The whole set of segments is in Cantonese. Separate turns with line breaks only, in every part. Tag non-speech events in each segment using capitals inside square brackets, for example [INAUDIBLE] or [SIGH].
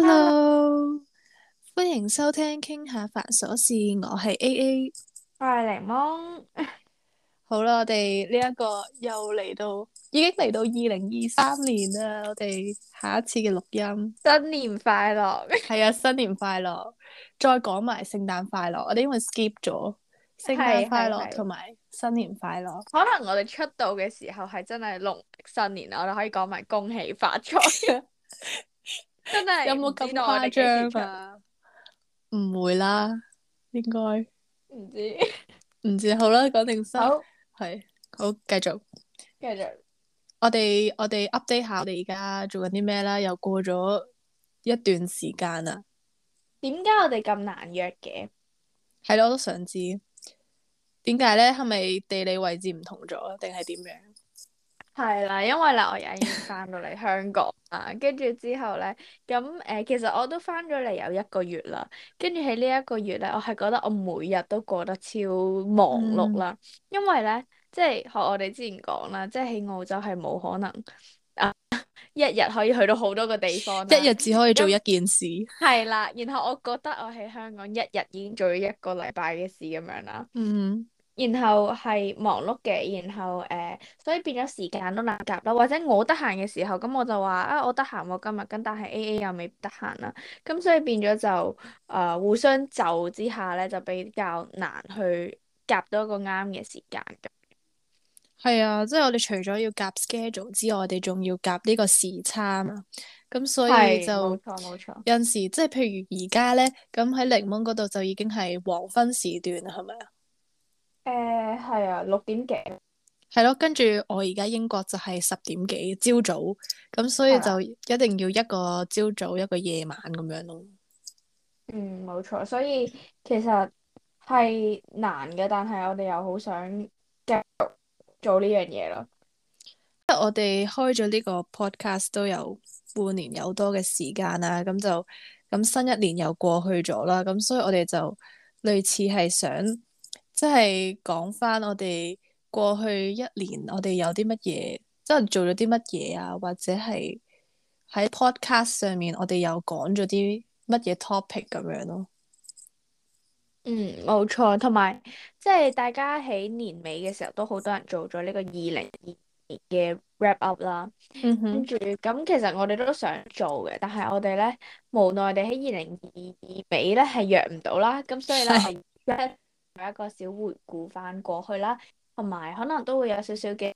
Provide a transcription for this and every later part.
hello，歡迎收聽傾下繁瑣事，我係 AA，我係檸檬。好啦，我哋呢一個又嚟到已經嚟到二零二三年啦。我哋下一次嘅錄音，新年快樂。係啊，新年快樂，再講埋聖誕快樂。我哋因為 skip 咗聖誕快樂同埋新年快樂，
可能我哋出道嘅時候係真係農曆新年啊，我哋可以講埋恭喜發財啊。真係有冇咁誇張啊？
唔會啦，應該唔知唔 [LAUGHS] [LAUGHS] 知，好啦，講定先好。好係好，繼續繼續。繼續我哋我哋 update 下，我哋而家做緊啲咩啦？又過咗一段時間啦。
點解我哋咁難約嘅？
係咯，我都想知點解咧？係
咪地理位置唔
同咗，定係點樣？
係啦，因為啦，我而家已經翻到嚟香港啦，跟住 [LAUGHS] 之後咧，咁、嗯、誒，其實我都翻咗嚟有一個月啦，跟住喺呢一個月咧，我係覺得我每日都過得超忙碌啦，嗯、因為咧，即係學我哋之前講啦，即係喺澳洲係冇可能啊一日可以去到好多個地方，一日
只可以做一件事。
係啦，然後我覺得我喺香港一日已經做咗一個禮拜嘅事咁樣啦。嗯。嗯。然後係忙碌嘅，然後誒、呃，所以變咗時間都難夾咯。或者我得閒嘅時候，咁我就話啊，我得閒喎今日，咁但係 A A 又未得閒啦，咁所以變咗就誒、呃、互相就之下咧，就比較難去夾到一個啱嘅時間。
係啊，即係我哋除咗要夾 schedule 之外，我哋仲要夾呢個時差啊。咁所以就冇
錯冇錯。有
陣時即係譬如而家咧，咁喺檸檬嗰度就已經係黃昏時段啦，係咪啊？
誒，係啊，uh，六點幾
係咯。跟住我而家英國就係十點幾朝早，咁所以就一定要一個朝早一個夜晚咁樣咯。嗯，
冇錯，所以其實係難嘅，但係我哋又好想繼續做呢樣嘢咯。
即係我哋開咗呢個 podcast 都有半年有多嘅時間啦，咁就咁新一年又過去咗啦，咁所以我哋就類似係想。即係講翻我哋過去一年，我哋有啲乜嘢，即係做咗啲乜嘢啊，或者係喺 podcast 上面，我哋又講咗啲乜嘢 topic 咁樣咯。嗯，冇錯，同埋
即係大家喺年尾嘅時候都好多人做咗呢個二零二二嘅 wrap up 啦，跟住咁其實我哋都想做嘅，但係我哋咧無奈地喺二零二二尾咧係約唔到啦，咁所以咧.。 [LAUGHS] 做一個小回顧翻過去啦，同埋可能都會有少少嘅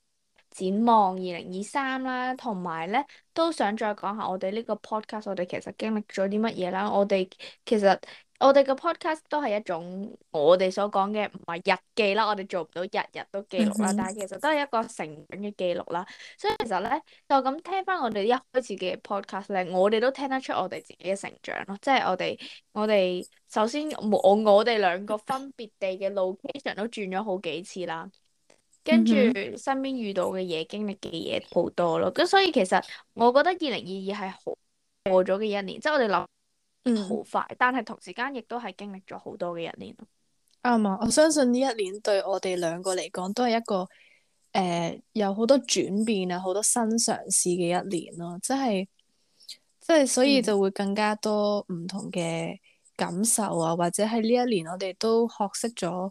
展望，二零二三啦，同埋咧都想再講下我哋呢個 podcast，我哋其實經歷咗啲乜嘢啦，我哋其實。我哋嘅 podcast 都係一種我哋所講嘅唔係日記啦，我哋做唔到日日都記錄啦，但係其實都係一個成長嘅記錄啦。所以其實咧，就咁聽翻我哋一開始嘅 podcast 咧，我哋都聽得出我哋自己嘅成長咯。即係我哋，我哋首先我我哋兩個分別地嘅 Location 都轉咗好幾次啦，跟住身邊遇到嘅嘢、 [LAUGHS] 經歷嘅嘢好多咯。咁所以其實我覺得二零二二係好過咗嘅一年，即係我哋留。好快，但係同時間亦都係經歷咗好多嘅一年啱啊、嗯，我相
信呢一年對我哋兩個嚟講都係一個誒、呃、有好多轉變啊，好多新嘗試嘅一年咯，即係即係所以就會更加多唔同嘅感受啊，嗯、或者喺呢一年我哋都學識咗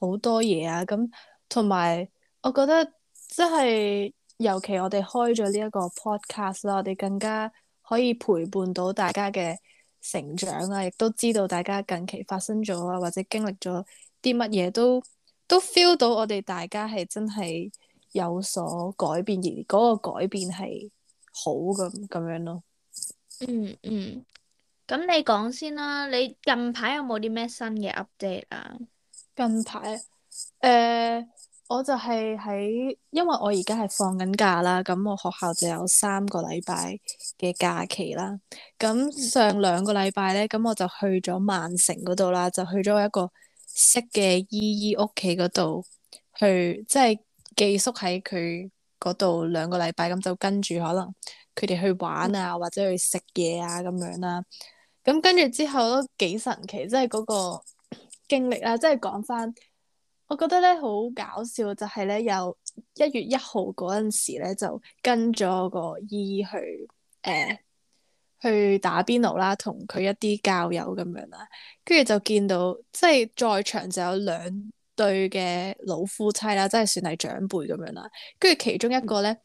好多嘢啊，咁同埋我覺得即係尤其我哋開咗呢一個 podcast 啦，我哋更加可以陪伴到大家嘅。成長啊，亦都知道大家近期發生咗啊，或者經歷咗啲乜嘢，都都 feel 到我哋大家係真係有所改變，而嗰個改變係好㗎，咁樣咯。嗯嗯，
咁、嗯、你講先啦，你近排有冇啲咩新嘅 update 啊？近
排誒。呃我就係喺，因為我而家係放緊假啦，咁我學校就有三個禮拜嘅假期啦。咁上兩個禮拜咧，咁我就去咗曼城嗰度啦，就去咗一個識嘅姨姨屋企嗰度去，即係寄宿喺佢嗰度兩個禮拜，咁就跟住可能佢哋去玩啊，或者去食嘢啊咁樣啦。咁跟住之後都幾神奇，即係嗰個經歷啦、啊，即係講翻。我覺得咧好搞笑，就係、是、咧有一月一號嗰陣時咧，就跟咗個姨姨去誒、呃、去打邊爐啦，同佢一啲教友咁樣啦，跟住就見到即係在場就有兩對嘅老夫妻啦，即係算係長輩咁樣啦，跟住其中一個咧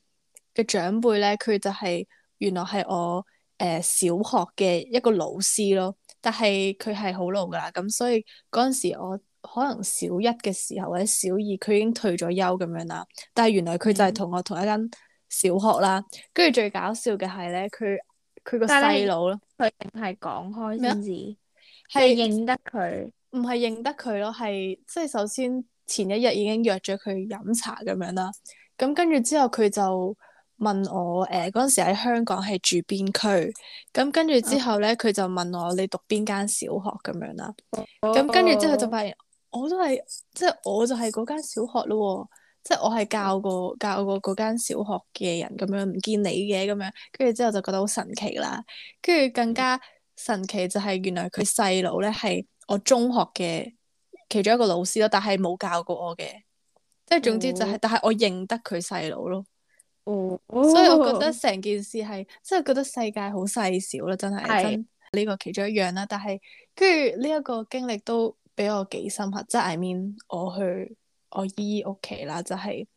嘅長輩咧，佢就係、是、原來係我誒、呃、小學嘅一個老師咯，但係佢係好老㗎啦，咁所以嗰陣時我。可能小一嘅時候或者小二，佢已經退咗休咁樣啦。但係原來佢就係同我同一間小學啦。跟住、嗯、最搞笑嘅係咧，佢佢個細佬咯，佢係講開先至，係認得佢，唔係認得佢咯，係即係首先前一日已經約咗佢飲茶咁樣啦。咁跟住之後佢就問我誒嗰陣時喺香港係住邊區？咁跟住之後咧，佢、嗯、就問我你讀邊間小學咁樣啦。咁跟住之後就發現。哦哦我都係，即係我就係嗰間小學咯，即係我係教過教過嗰間小學嘅人咁樣，唔見你嘅咁樣，跟住之後就覺得好神奇啦。跟住更加神奇就係，原來佢細佬咧係我中學嘅其中一個老師咯，但係冇教過我嘅，即係總之就係、是，oh. 但係我認得佢細佬咯。哦，oh. oh. 所以我覺得成件事係，即係覺得世界好細小啦，真係。係的。呢、這個其中一樣啦，但係跟住呢一個經歷都。俾我幾深刻，即係 I mean，我去我姨姨屋企啦，就係、是、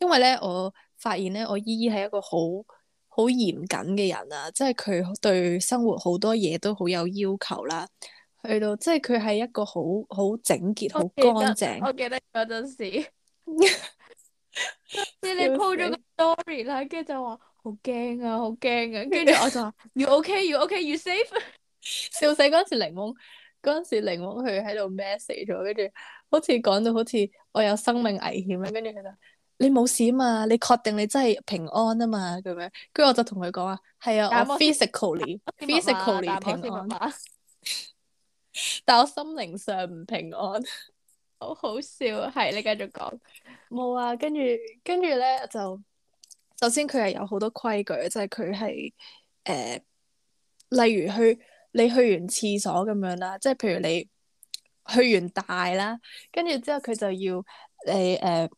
因為咧，我發現咧，我姨姨係一個好好嚴謹嘅人啊，即係佢對生活好多嘢都好有要求啦，去到即係佢係一個好好整潔、好乾淨我。我
記得嗰陣時， [LAUGHS] 時你鋪咗個 story 啦，跟住就話好驚啊，好驚啊，跟住我就話：，You OK？You、okay? OK？You、okay? safe？
[LAUGHS] 笑死嗰次檸檬。嗰陣時，檸檬佢喺度 message 咗，跟住好似講到好似我有生命危險咧，跟住佢就你冇事啊嘛，你確定你真係平安啊嘛咁樣，跟住我就同佢講話，係啊，我 physically physically 平安，但係我， [LAUGHS] 我心靈上唔平安， [LAUGHS] 好好
笑，係你繼續講，
冇啊，跟住跟住咧就首先佢係有好多規矩，即係佢係誒例如去。你去完廁所咁樣啦，即係譬如你去完大啦，跟住之後佢就要你誒、呃，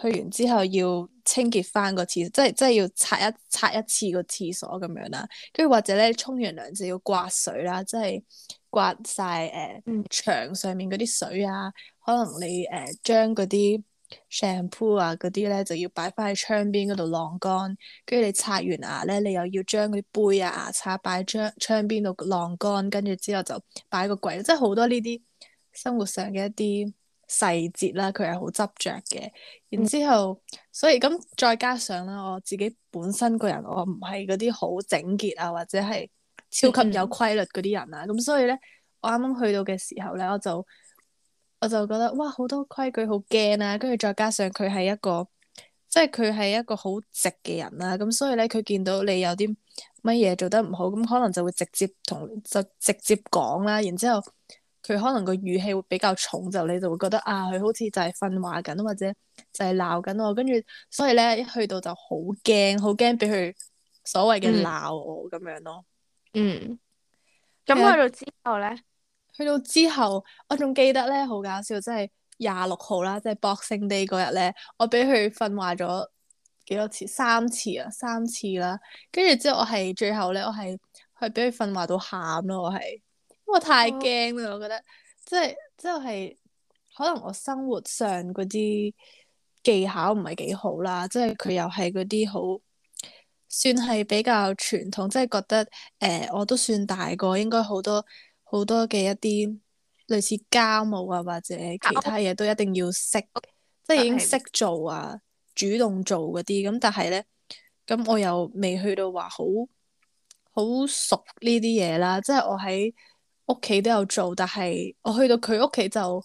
去完之後要清潔翻個廁，即係即係要刷一刷一次個廁所咁樣啦，跟住或者咧沖完涼就要刮水啦，即係刮晒誒牆上面嗰啲水啊，可能你誒、呃、將嗰啲。上鋪啊呢，嗰啲咧就要擺翻喺窗邊嗰度晾乾，跟住你刷完牙咧，你又要將啲杯啊、牙刷擺喺窗邊度晾乾，跟住之後就擺個櫃，即係好多呢啲生活上嘅一啲細節啦，佢係好執着嘅。然之後，嗯、所以咁再加上啦，我自己本身個人我唔係嗰啲好整潔啊，或者係超級有規律嗰啲人啊，咁、嗯、所以咧，我啱啱去到嘅時候咧，我就。我就覺得哇，好多規矩好驚啊，跟住再加上佢係一個，即係佢係一個好直嘅人啦，啊，咁所以咧，佢見到你有啲乜嘢做得唔好，咁可能就會直接同就直接講啦，啊，然之後佢可能個語氣會比較重，就你就會覺得啊，佢好似就係訓話緊或者就係鬧緊我，跟住所以咧，一去到就好驚，好驚俾佢所謂嘅鬧我咁，嗯、樣咯，啊嗯。嗯。咁去實、嗯、到之後咧？去到之後，我仲記得咧，好搞笑，即係廿六號啦，即係 Boxing Day 嗰日咧，我俾佢訓話咗幾多次，三次啊，三次啦，跟住之後我係最後咧，我係係俾佢訓話到喊咯，我係，因為太驚啦，哦、我覺得，即係即係可能我生活上嗰啲技巧唔係幾好啦，即係佢又係嗰啲好算係比較傳統，即、就、係、是、覺得誒、呃，我都算大個，應該好多。好多嘅一啲類似家務啊，或者其他嘢都一定要識，Okay. 即係已經識做啊，主動做嗰啲。咁但係呢，咁我又未去到話好，好熟呢啲嘢啦。即係我喺屋企都有做，但係我去到佢屋企就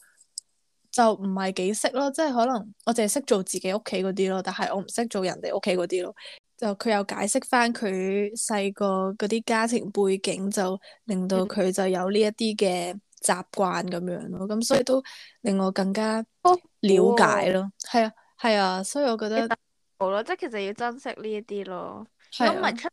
就唔係幾識咯。即係可能我淨係識做自己屋企嗰啲咯，但係我唔識做人哋屋企嗰啲咯。就佢又解釋翻佢細個嗰啲家庭背景，就令到佢就有呢一啲嘅習慣咁樣咯。咁、嗯、所以都令我更加了
解咯。係、哦、
啊，係啊，所以我覺得
好咯。即係其實要珍惜呢一啲咯。咁咪、啊、出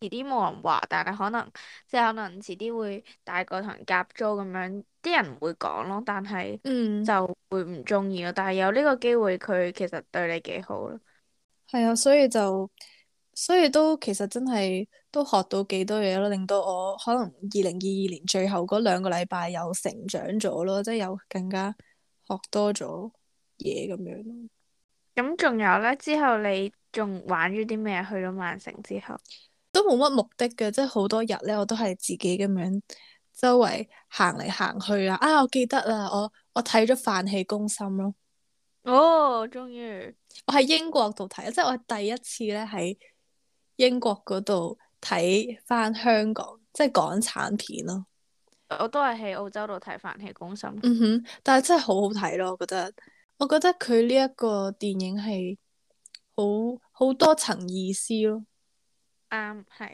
遲啲冇人話，但係可能即係可能遲啲會大個同人夾租咁樣，啲人唔會講咯。但係就會唔中意咯。嗯、但係有呢個機會，佢其實對你幾好咯。
係啊，所以就，所以都其實真係都學到幾多嘢咯，令到
我可能二零二
二年最後嗰兩個禮拜又成長咗咯，即係有更加學多咗
嘢咁樣。咁仲有呢？之後你仲玩咗啲咩？去咗曼城之後
都冇乜目的嘅，即係好多日呢，我都係自己咁樣周圍行嚟行去啊。啊，我記得啦，我我睇咗《飯氣攻心》咯。哦，oh, 終於我喺英國度睇，即係我第一次咧喺英國嗰度睇翻香港，即係港產片咯。
我都係喺澳洲度睇《飯戲攻心》。嗯
哼，但係真係好好睇咯，我覺得。我覺得佢呢一個電影係好好多層意思咯。
啱係
，um, 是，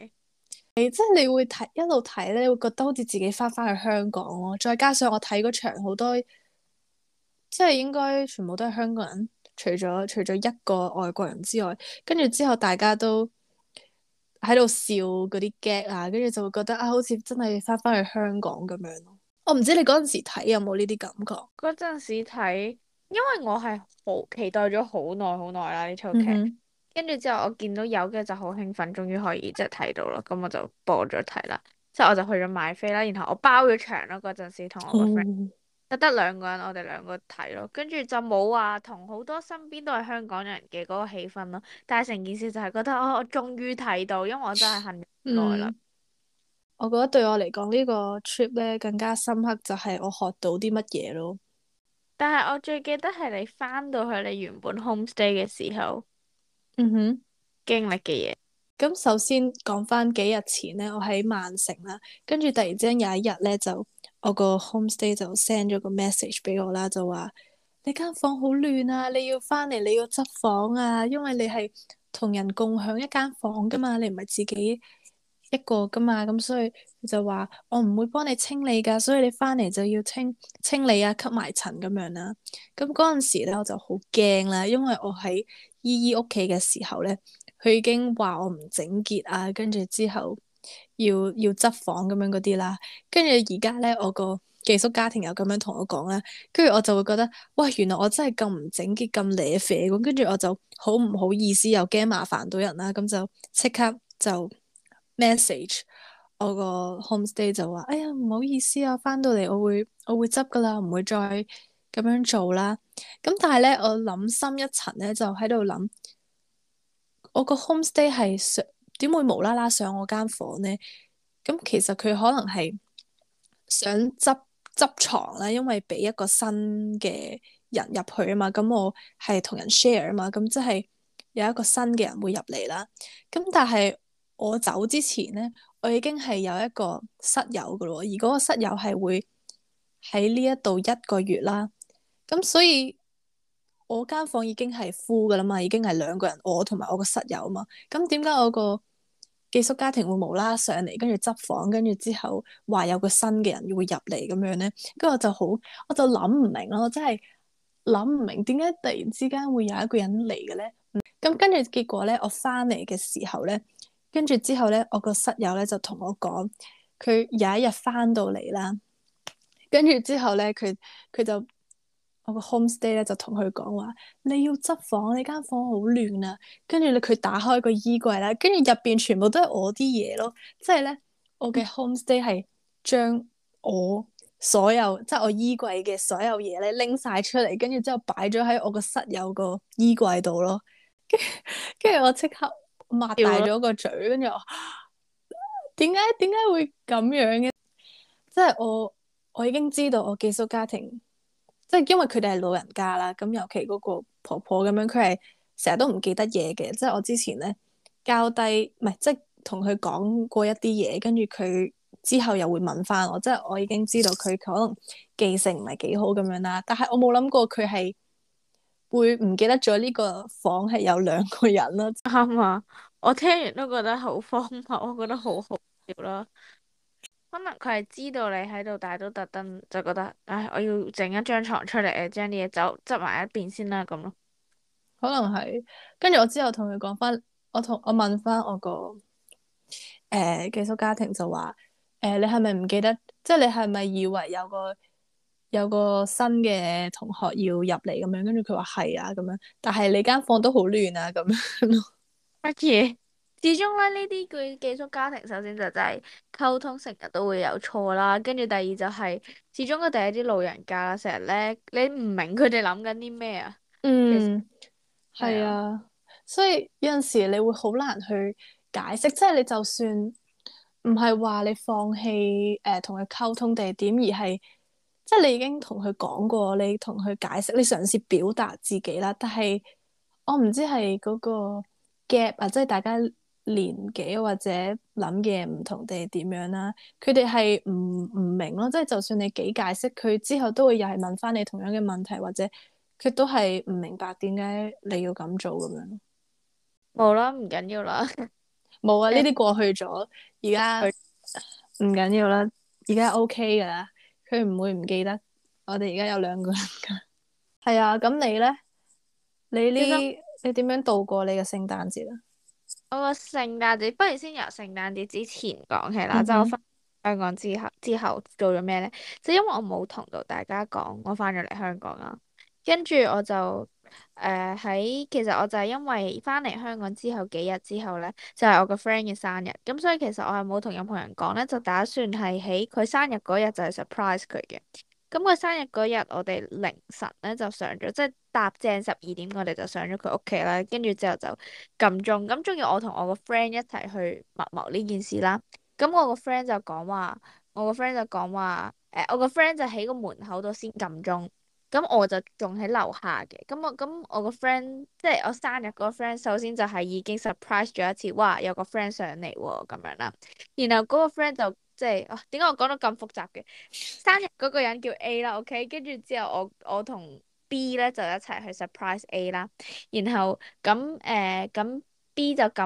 係即係你會睇一路睇咧，你會覺得好似自己翻翻去香港咯。再加上我睇嗰場好多。即係應該全部都係香港人，除咗除咗一個外國人之外，跟住之後大家都喺度笑嗰啲 gag 啊，跟住就會覺得啊，好似真係翻返去香港咁樣咯。我唔知你嗰陣時睇有冇呢啲感覺。
嗰陣時睇，因為我係好期待咗好耐好耐啦呢出劇，跟住、mm hmm. 之後我見到有嘅就好興奮，終於可以即係睇到啦，咁我就播咗睇啦，即係我就去咗買飛啦，然後我包咗場咯嗰陣時，同我個 friend。Hmm. 得得兩個人，我哋兩個睇咯，跟住就冇話同好多身邊都係香港人嘅嗰個氣氛咯。但係成件事就係覺得，我、哦、我終於睇到，因為我真係恨
耐啦、嗯。我覺得對我嚟講呢個 trip 咧更加深刻，就係我學到啲乜嘢咯。
但係我最記得係你翻到去你原本 homestay 嘅時候，
嗯哼，
經歷嘅嘢。
咁首先講翻幾日前咧，我喺曼城啦，跟住突然之間有一日咧就我個 homestay 就 send 咗個 message 俾我啦，就話你間房好亂啊，你要翻嚟你要執房啊，因為你係同人共享一間房噶嘛，你唔係自己一個噶嘛，咁所以就話我唔會幫你清理噶，所以你翻嚟就要清清理啊，吸埋塵咁樣啦。咁嗰陣時咧我就好驚啦，因為我喺姨姨屋企嘅時候咧。佢已經話我唔整潔啊，跟住之後要要執房咁樣嗰啲啦，跟住而家咧我個寄宿家庭又咁樣同我講啦。跟住我就會覺得，喂，原來我真係咁唔整潔，咁瀨啡咁，跟住我就好唔好意思，又驚麻煩到人啦、啊，咁就即刻就 message 我個 homestay 就話，哎呀，唔好意思啊，翻到嚟我會我會執噶啦，唔會再咁樣做啦，咁但係咧我諗深一層咧就喺度諗。我個 home stay 係上點會無啦啦上我間房咧？咁其實佢可能係想執執牀咧，因為俾一個新嘅人入去啊嘛。咁我係同人 share 啊嘛。咁即係有一個新嘅人會入嚟啦。咁但係我走之前咧，我已經係有一個室友噶咯，而嗰個室友係會喺呢一度一個月啦。咁所以。我間房已經係 full 噶啦嘛，已經係兩個人，我同埋我個室友啊嘛。咁點解我個寄宿家庭會無啦啦上嚟，跟住執房，跟住之後話有個新嘅人會入嚟咁樣咧？跟住我就好，我就諗唔明咯，我真係諗唔明點解突然之間會有一個人嚟嘅咧？咁跟住結果咧，我翻嚟嘅時候咧，跟住之後咧，我個室友咧就同我講，佢有一日翻到嚟啦，跟住之後咧，佢佢就。我個 home stay 咧就同佢講話，你要執房，呢間房好亂啊。」跟住咧佢打開個衣櫃啦，跟住入邊全部都係我啲嘢咯。即係咧，我嘅 home stay 係將我所有，即係我衣櫃嘅所有嘢咧拎晒出嚟，跟住之後擺咗喺我個室友個衣櫃度咯。跟跟住我即刻擘大咗個嘴，跟住我點解點解會咁樣嘅？即係我我已經知道我寄宿家庭。即係因為佢哋係老人家啦，咁尤其嗰個婆婆咁樣，佢係成日都唔記得嘢嘅。即係我之前咧教低，唔係即係同佢講過一啲嘢，跟住佢之後又會問翻我，即係我已經知道佢可能記性唔係幾好咁樣啦。但係我冇諗過佢係會唔記得咗呢個房係有兩個人啦。啱啊！
我聽完都覺得好荒謬，我覺得好好笑啦～可能佢係知道你喺度，但係都特登就覺得，唉，我要整一張床出嚟，將啲嘢走執埋一邊先啦，咁咯。
可能係，跟住我之後同佢講翻，我同我問翻我個誒寄宿家庭就話，誒你係咪唔記得？即係你係咪以為有個有個新嘅同學要入嚟咁樣？跟住佢話係啊，咁樣，但係你間房都好亂啊，咁咯。 [LAUGHS] [LAUGHS]
始終咧呢啲繼寄宿家庭，首先就真係溝通成日都會有錯啦。跟住第二就係、是、始終佢哋係啲老人家，成日咧你唔明佢哋諗緊啲咩啊？嗯，
係啊，所以有陣時你會好難去解釋，即係你就算唔係話你放棄誒同佢溝通定係點，而係即係你已經同佢講過，你同佢解釋，你嘗試表達自己啦。但係我唔知係嗰個 gap 啊，即係大家。年紀或者諗嘅唔同定係點樣啦、啊？佢哋係唔唔明咯，即係就算你幾解釋，佢之後都會又係問翻你同樣嘅問題，或者佢都係唔明白點解你要咁做咁樣。
冇啦，唔緊要啦。
冇 [LAUGHS] 啊，呢啲過去咗，而家唔緊要啦。而家 OK 噶啦，佢唔會唔記得。我哋而家有兩個人噶。係 [LAUGHS] 啊，咁你咧？你呢？你點樣度過你嘅聖誕節啊？
個聖誕節，不如先由聖誕節之前講起啦。嗯、哼就我翻香港之後，之後做咗咩咧？就是、因為我冇同到大家講，我翻咗嚟香港啦。跟住我就誒喺、呃，其實我就係因為翻嚟香港之後幾日之後咧，就係、是、我個 friend 嘅生日。咁所以其實我係冇同任何人講咧，就打算係喺佢生日嗰日就係 surprise 佢嘅。咁佢生日嗰日，我哋凌晨咧就上咗，即係搭正十二點，我哋就上咗佢屋企啦。跟住之後就撳鐘，咁仲要我同我個 friend 一齊去密謀呢件事啦。咁我個 friend 就講話，我個 friend 就講話，誒、呃，我個 friend 就喺個門口度先撳鐘，咁我就仲喺樓下嘅。咁我咁我個 friend，即係我生日嗰個 friend，首先就係已經 surprise 咗一次，哇，有個 friend 上嚟喎、哦，咁樣啦。然後嗰個 friend 就。即係，點解、啊、我講到咁複雜嘅？生日嗰個人叫 A 啦，OK，跟住之後我我同 B 咧就一齊去 surprise A 啦、呃。然後咁誒咁 B 就撳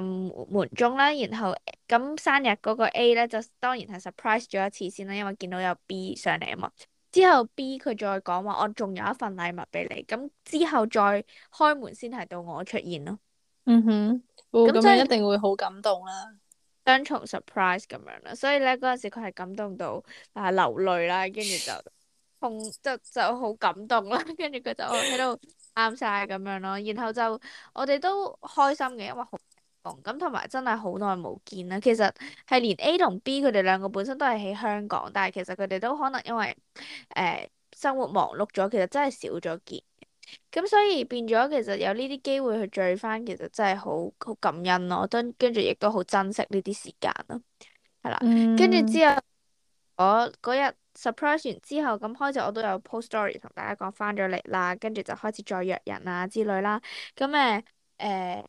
門鐘啦。然後咁生日嗰個 A 咧就當然係 surprise 咗一次先啦，因為見到有 B 上嚟啊嘛。之後 B 佢再講話，我仲有一份禮物俾你。咁之後再開門先係到我出現咯。嗯哼，咁、哦、真係一定會好感動啦、啊。雙重 surprise 咁樣啦，所以咧嗰陣時佢係感動到啊流淚啦，跟住就痛，就就好感動啦，跟住佢就喺度啱晒咁樣咯，然後就我哋都開心嘅，因為好咁，同埋真係好耐冇見啦。其實係連 A 同 B 佢哋兩個本身都係喺香港，但係其實佢哋都可能因為誒、呃、生活忙碌咗，其實真係少咗見。咁所以變咗，其實有呢啲機會去聚翻，其實真係好好感恩咯、啊。我都跟住亦都好珍惜呢啲時間啦、啊，係啦。跟住、嗯、之後，我嗰日 surprise 完之後，咁開始我都有 post story 同大家講翻咗嚟啦，跟住就開始再約人啊之類啦、啊。咁誒，誒、呃，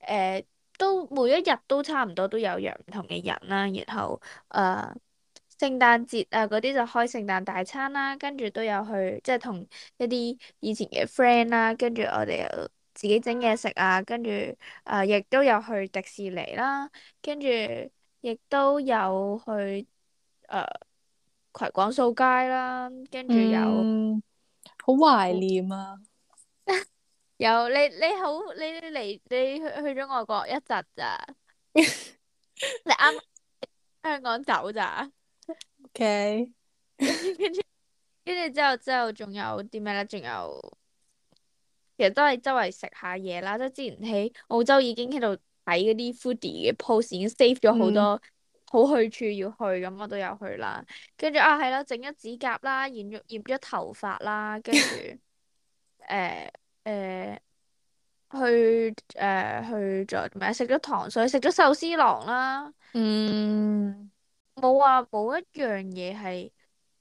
誒、呃，都每一日都差唔多都有約唔同嘅人啦、啊，然後誒。呃聖誕節啊，嗰啲就開聖誕大餐啦，跟住都有去，即係同一啲以前嘅 friend 啦，跟住我哋又自己整嘢食啊，跟住誒，亦、呃、都有去迪士尼啦，跟住亦都有去誒、呃、葵廣掃街啦，跟住有好、嗯、懷念啊！有 [LAUGHS] 你你好，你嚟你，你，你去去咗外國一陣咋？ [LAUGHS] 你啱香港走咋？OK，跟住，跟住之後之後，仲有啲咩咧？仲有，其實都係周圍食下嘢啦。即係之前喺澳洲已經喺度睇嗰啲 foodie 嘅 post 已經 save 咗好多、嗯、好去處要去，咁我都有去啦。跟住啊，係啦，整咗指甲啦，染咗染咗頭髮啦，跟住，誒誒、 [LAUGHS] 呃呃，去誒、呃、去咗咩？食咗糖水，食咗壽司郎啦。嗯。冇啊，冇一樣嘢係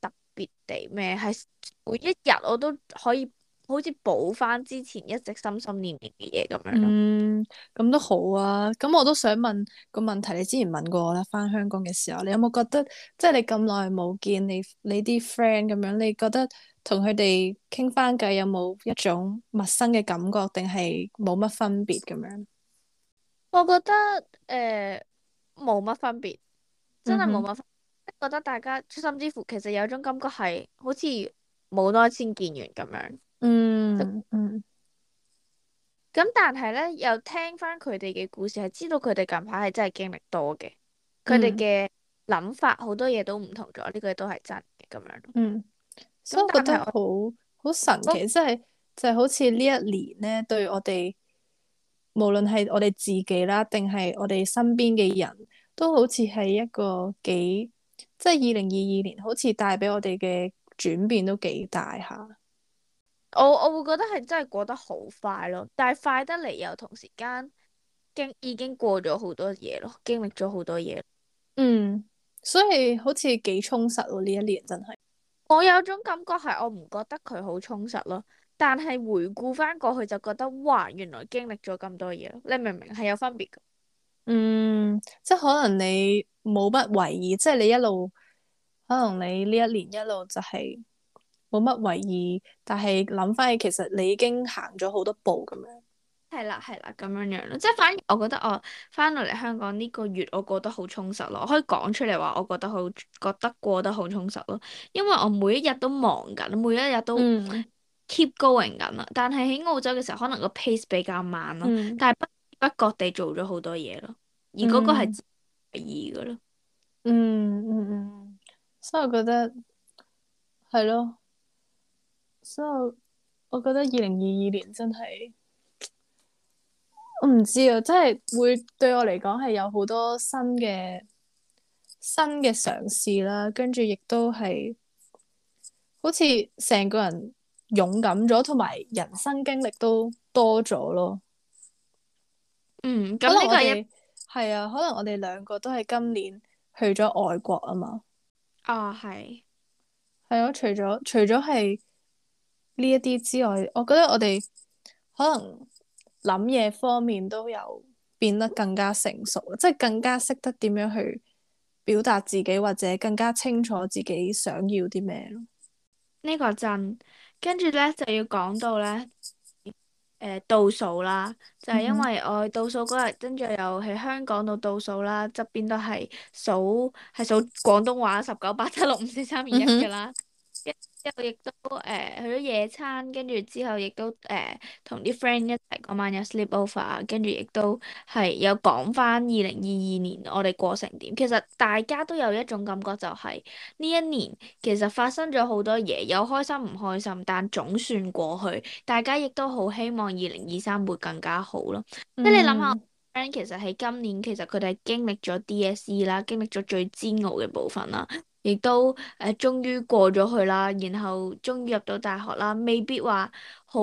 特別地咩，係每一日我都可以好似補翻之前一直心心念念嘅嘢咁樣咯。嗯，
咁都好啊。咁我都想問個問題，你之前問過我啦，翻香港嘅時候，你有冇覺得即係你咁耐冇見你你啲 friend 咁樣，你覺得同佢哋傾翻偈有冇一種陌生嘅感覺，定係冇乜分別咁樣？
我覺得誒冇乜分別。真係冇辦法，mm hmm。覺得大家甚至乎其實有一種感覺係好似冇多先見完咁樣。嗯、mm。咁，hmm。但係咧，又聽翻佢哋嘅故事，係知道佢哋近排係真係經歷多嘅，佢哋嘅諗法好多嘢都唔同咗，呢個都係真嘅咁樣。嗯，
所以我覺得好好我神奇，即係就係就係、好似呢一年咧，對我哋無論係我哋自己啦，定係我哋身邊嘅人。都好似係一個幾，即係二零二二年，好似帶俾我哋嘅轉變都幾大下。
我我會覺得係真係過得好快咯，但係快得嚟又同時間經已經過咗好多嘢咯，經歷咗好多嘢。嗯，所以好似幾充實咯，呢一年真係。我有種感覺係我唔覺得佢好充實咯，但係回顧返過去就覺得哇，原來經歷咗咁多嘢咯。你明唔明？係有分別㗎。
嗯，即係可能你冇乜為意，即係你一路可能你呢一年一路就係冇乜為意，但係諗翻起其實你已經行咗好多步咁樣。
係啦係啦，咁樣樣咯，即係反而我覺得我翻到嚟香港呢個月我過得好充實咯，我可以講出嚟話我覺得好覺得過得好充實咯，因為我每一日都忙緊，每一日都 keep going 緊啦，但係喺澳洲嘅時候可能個 pace 比較慢咯，但係不。不覺地做咗好多嘢咯，而嗰個係第
二嘅咯。嗯嗯嗯，所以我覺得係咯，所以我我覺得二零二二年真係，我唔知啊，真係會對我嚟講係有好多新嘅新嘅嘗試啦，跟住亦都係好似成個人勇敢咗，同埋人生經歷都多咗咯。嗯，咁、這個、我
哋
係 [NOISE] 啊，可能我哋兩個都係今年去咗外國啊嘛。哦、啊，係。係咯，除咗除咗係呢一啲之外，我覺得我哋可能諗嘢方面都有變得更加成熟啊，即係、就是、更加識得點樣去表達自己，或者更加清楚自己想要啲咩咯。個陣，
呢個陣，跟住咧就要講到咧。誒、呃，倒數啦，就係、是、因為，我倒數嗰日跟住又喺香港度倒數啦，側邊都係數，係數廣東話，十九八七六五四三二一㗎啦。嗯之後亦都誒、呃、去咗野餐，跟住之後亦都誒同啲 friend 一齊嗰晚有 sleepover，跟住亦都係有講翻二零二二年我哋過成點。其實大家都有一種感覺、就是，就係呢一年其實發生咗好多嘢，有開心唔開心，但總算過去。大家亦都好希望二零二三會更加好咯。即、嗯、你諗下，我個 friend 其實喺今年其實佢哋經歷咗 DSE 啦，經歷咗最煎熬嘅部分啦。亦都誒，終、呃、於過咗去啦，然後終於入到大學啦，未必話好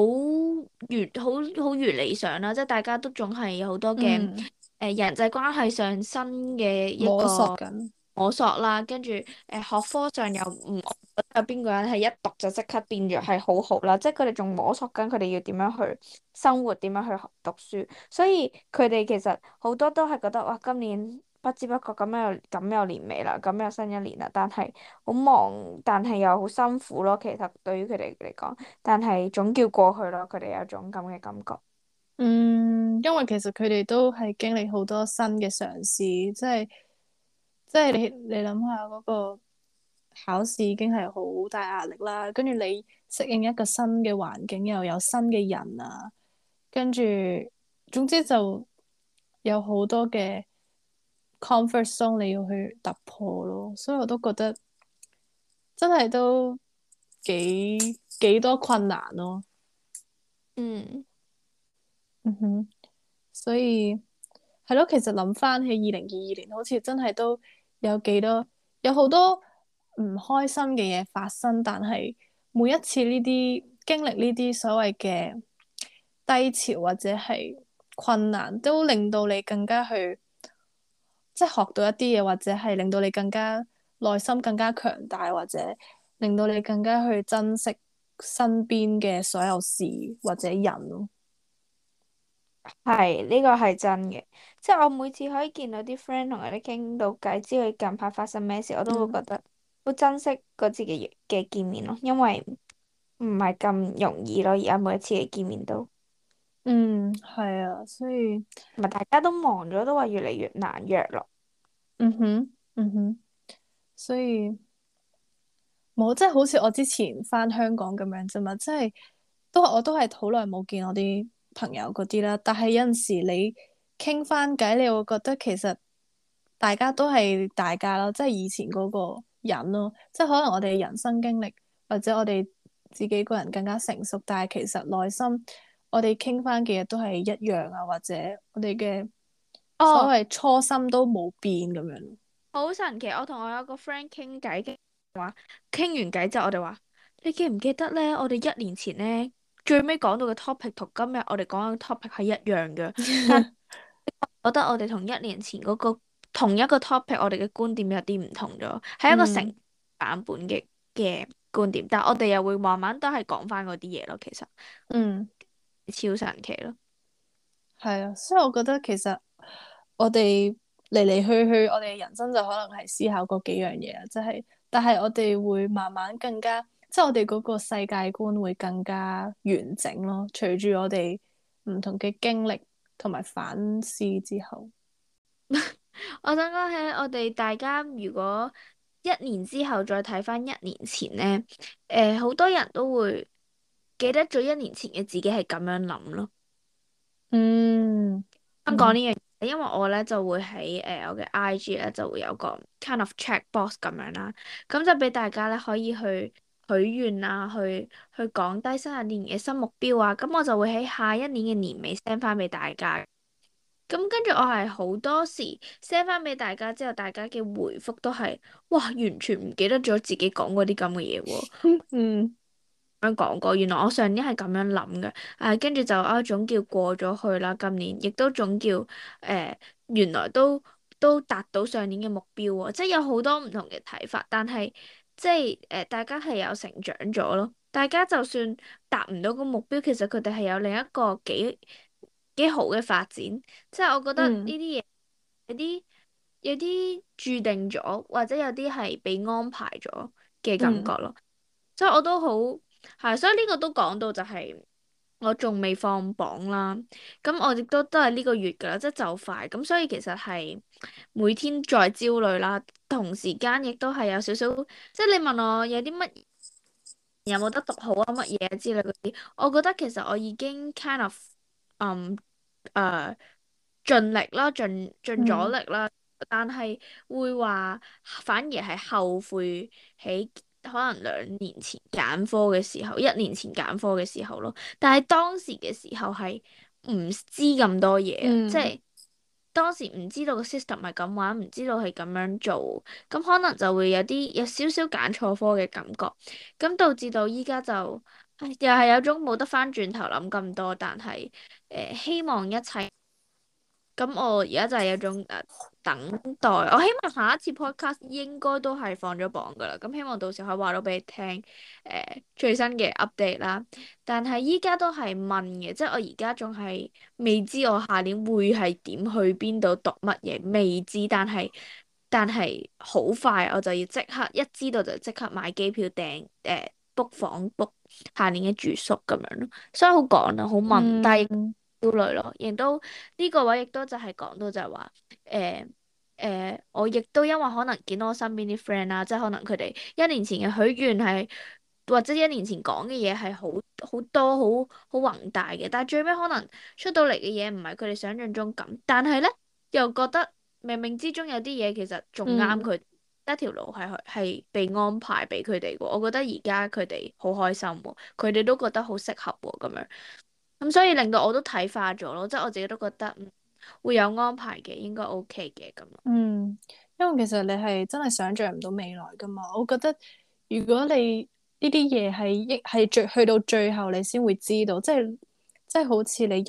越好好越理想啦，即係大家都仲係好多嘅誒、嗯呃、人際關係上新嘅一個摸索緊摸索啦，跟住誒學科上又唔覺得有邊個人係一讀就即刻變弱係好好啦，即係佢哋仲摸索緊佢哋要點樣去生活，點樣去讀書，所以佢哋其實好多都係覺得哇，今年～不知不覺咁又咁又年尾啦，咁又新一年啦，但係好忙，但係又好辛苦咯。其實對於佢哋嚟講，但係總叫過去咯，佢哋有種咁嘅感覺。嗯，
因為其實佢哋都係經歷好多新嘅嘗試，即係即係你你諗下嗰個考試已經係好大壓力啦，跟住你適應一個新嘅環境，又有，有新嘅人啊，跟住總之就有好多嘅。comfort zone 你要去突破咯，所以我都覺得真係都幾幾多困難咯。嗯、嗯哼，所以係咯，其實諗翻起二零二二年，好似真係都有幾多有好多唔開心嘅嘢發生，但係每一次呢啲經歷呢啲所謂嘅低潮或者係困難都令到你更加去。即係學到一啲嘢，或者係令到你更加內心更加強大，或者令到你更加去珍惜身邊嘅所有事或者人咯。
係，呢個係真嘅，即係我每次可以見到啲 friend 同佢哋傾到偈，知道近排發生咩事，我都會覺得好珍惜嗰次嘅嘅見面咯，因為唔係咁容易咯，而家每一次嘅見面都。嗯，係啊，所以同埋大家都忙咗，都話越嚟越難約咯。嗯哼，嗯哼，所以
冇即係好似我之前翻香港咁樣啫嘛，即係都我都係好耐冇見我啲朋友嗰啲啦，但係有陣時你傾翻偈，你會覺得其實大家都係大家咯，即係以前嗰個人咯，即係可能我哋人生經歷或者我哋自己個人更加成熟，但係其實內心我哋傾翻嘅嘢都係一樣啊，或者我哋嘅。所謂初心都冇變咁樣，
好神奇！我同我有一個 friend 傾偈嘅話，傾完偈之後，後我哋話：你記唔記得咧？我哋一年前咧最尾講到嘅 topic 同今日我哋講嘅 topic 係一樣嘅。但係 [LAUGHS] 覺得我哋同一年前嗰、嗰個同一個 topic，我哋嘅觀點有啲唔同咗，係一個成版本嘅嘅、嗯、觀點。但係我哋又會慢慢都係講翻嗰啲嘢咯，其實。嗯。超神奇咯。
係啊，所以我覺得其實。我哋嚟嚟去去，我哋人生就可能係思考嗰幾樣嘢，即係，但係我哋會慢慢更加，即係我哋嗰個世界觀會更加完整咯。隨住我哋唔同嘅經歷同埋反思之後，
[LAUGHS] 我想講喺我哋大家，如果一年之後再睇翻一年前咧，誒、呃，好多人都會記得咗一年前嘅自己係咁樣諗咯。嗯，香港呢樣。嗯因為我咧就會喺誒、呃、我嘅 IG 咧就會有個 kind of check box 咁樣啦，咁就俾大家咧可以去許願啊，去去講低新一年嘅新目標啊，咁我就會喺下一年嘅年尾 send 翻俾大家。咁跟住我係好多時 send 翻俾大家之後，大家嘅回覆都係，哇，完全唔記得咗自己講過啲咁嘅嘢喎。 [LAUGHS] [LAUGHS] 咁樣講過，原來我上年係咁樣諗嘅，啊，跟住就有一種叫過咗去啦。今年亦都總叫誒、呃，原來都都達到上年嘅目標喎、哦，即係有好多唔同嘅睇法，但係即係誒、呃，大家係有成長咗咯。大家就算達唔到個目標，其實佢哋係有另一個幾幾好嘅發展，即係我覺得呢啲嘢有啲、嗯、有啲註定咗，或者有啲係被安排咗嘅感覺咯，所、嗯、以我都好。係，所以呢個都講到就係我仲未放榜啦，咁我亦都都係呢個月噶啦，即係就快，咁所以其實係每天在焦慮啦，同時間亦都係有少少，即係你問我有啲乜，有冇得讀好啊乜嘢之類嗰啲，我覺得其實我已經 kind of 嗯誒盡力啦，盡盡咗力啦，嗯、但係會話反而係後悔起。可能兩年前揀科嘅時候，一年前揀科嘅時候咯，但係當時嘅時候係唔知咁多嘢，嗯、即係當時唔知道個 system 係咁玩，唔知道係咁樣做，咁可能就會有啲有少少揀錯科嘅感覺，咁導致到依家就，又係有種冇得翻轉頭諗咁多，但係誒、呃、希望一切。咁我而家就係有種誒、呃、等待，我希望下一次 podcast 應該都係放咗榜㗎喇，咁、嗯、希望到時可以話到俾你聽誒、呃、最新嘅 update 啦。但係依家都係問嘅，即係我而家仲係未知，我下年會係點去邊度讀乜嘢未知，但係但係好快我就要即刻一知道就即刻買機票訂誒 book、呃、房 book 下年嘅住宿咁樣咯，所以好趕啊，好問，但、嗯焦慮咯，亦都呢、呢個位亦都就係講到就係話，誒、呃、誒、呃，我亦都因為可能見到我身邊啲 friend 啊，即係可能佢哋一年前嘅許願係，或者一年前講嘅嘢係好好多好好宏大嘅，但係最尾可能出到嚟嘅嘢唔係佢哋想象中咁，但係咧又覺得冥冥之中有啲嘢其實仲啱佢，得、嗯、條路係係被安排俾佢哋嘅，我覺得而家佢哋好開心喎，佢哋都覺得好適合喎，咁樣。咁所以令到我都睇化咗咯，即係我自己都覺得嗯會有安排嘅，應該 OK 嘅咁。
嗯，因為其實你係真係想象唔到未來噶嘛，我覺得如果你呢啲嘢係，亦係最去到最後，你先會知道，即係即係好似你一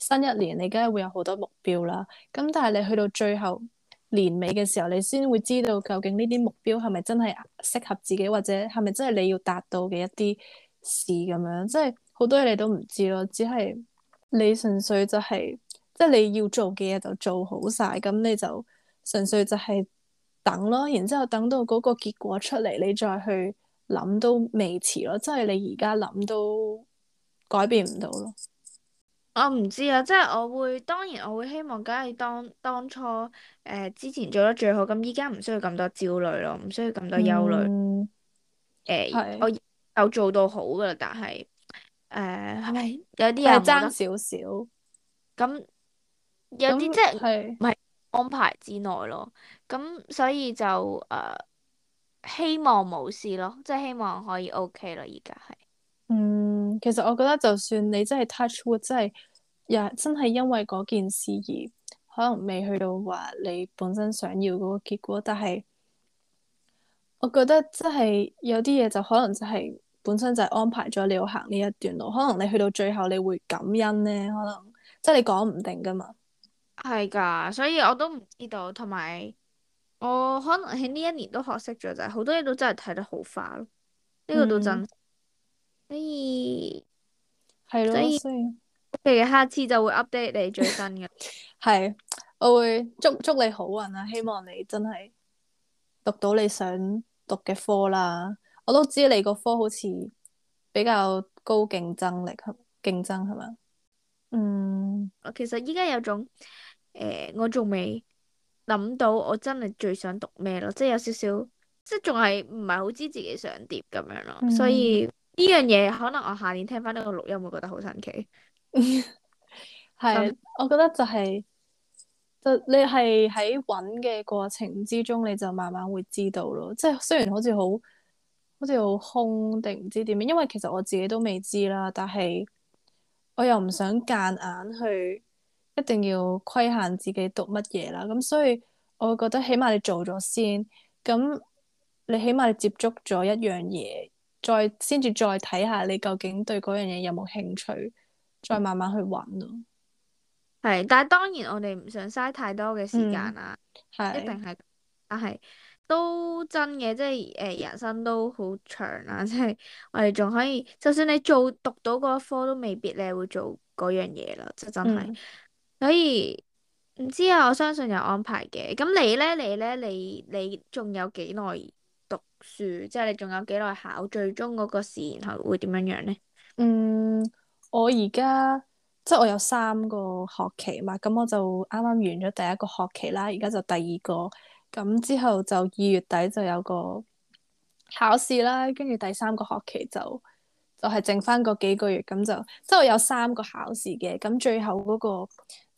新一年你梗係會有好多目標啦，咁但係你去到最後年尾嘅時候，你先會知道究竟呢啲目標係咪真係適合自己，或者係咪真係你要達到嘅一啲事咁樣，即係。好多嘢你都唔知咯，只係你純粹就係，即係你要做嘅嘢就做好晒，咁你就純粹就係等咯，然之後等到嗰個結果出嚟，你再去諗都未遲咯，即係你而家諗都改變唔到咯。
我唔知啊，即係我會，當然我會希望梗係當當,當初誒、呃、之前做得最好，咁依家唔需要咁多焦慮咯，唔需要咁多憂慮。嗯，誒，我有做到好嘅，但係。誒，係咪、uh, 有啲嘢爭少少？咁有啲即係唔係安排之內咯。咁所以就誒、uh, 希望冇事咯，即係希望可以 OK 咯。而家係，嗯，
其實我覺得就算你真係 touch wood, 真係又真係因為嗰件事而可能未去到話你本身想要嗰個結果，但係我覺得即係有啲嘢就可能就係、是。本身就係安排咗你要行呢一段路，可能你去到最後，你會感恩咧。可能即係你講唔定噶嘛。
係噶，所以我都唔知道。同埋我可能喺呢一年都學識咗，就係好多嘢都真係睇得好化咯。呢、嗯、個都真。所以係咯，的所以譬以如下次就會 update 你最新嘅。係， [LAUGHS] 我會祝祝
你好運啊！希望你真係讀到你想讀嘅科啦。我都知你個科好似比較高競爭力，係競爭係
嘛？嗯，我其實依家有種誒、呃，我仲未諗到我真係最想讀咩咯，即係有少少，即係仲係唔係好知自己想點咁樣咯。嗯、所以呢樣嘢可能我下年聽翻呢個錄音會，會覺得好神奇。係 [LAUGHS] 是，嗯、我覺得就係、是，就你係
喺揾嘅過程之中，你就慢慢會知道咯。即係雖然好似好。好似好空定唔知點樣，因為其實我自己都未知啦，但係我又唔想間硬，硬去，一定要規限自己讀乜嘢，啦，咁所以我覺得起碼你做咗先，咁你起碼你接觸咗一樣嘢，再先至再睇下你究竟對嗰樣嘢有冇興趣，再慢慢去揾咯
係但係當然我哋唔想嘥太多嘅時間啦，嗯、一定係，但係。都真嘅，即係誒，人生都好長啦，即係我哋仲可以，就算你做讀到嗰一科，都未必你會做嗰樣嘢啦，即係真係。嗯、所以唔知啊，我相信有安排嘅。咁你咧，你咧，你呢，你仲有幾耐讀書？即係你仲有幾耐考最終嗰個試，然後會點樣樣咧？嗯，我而家
即係我有三個學期嘛，咁我就啱啱完咗第一個學期啦，而家就第二個。咁之後就二月底就有個考試啦，跟住第三個學期就就係、是、剩翻嗰幾個月，咁就即係有三個考試嘅，咁最後嗰個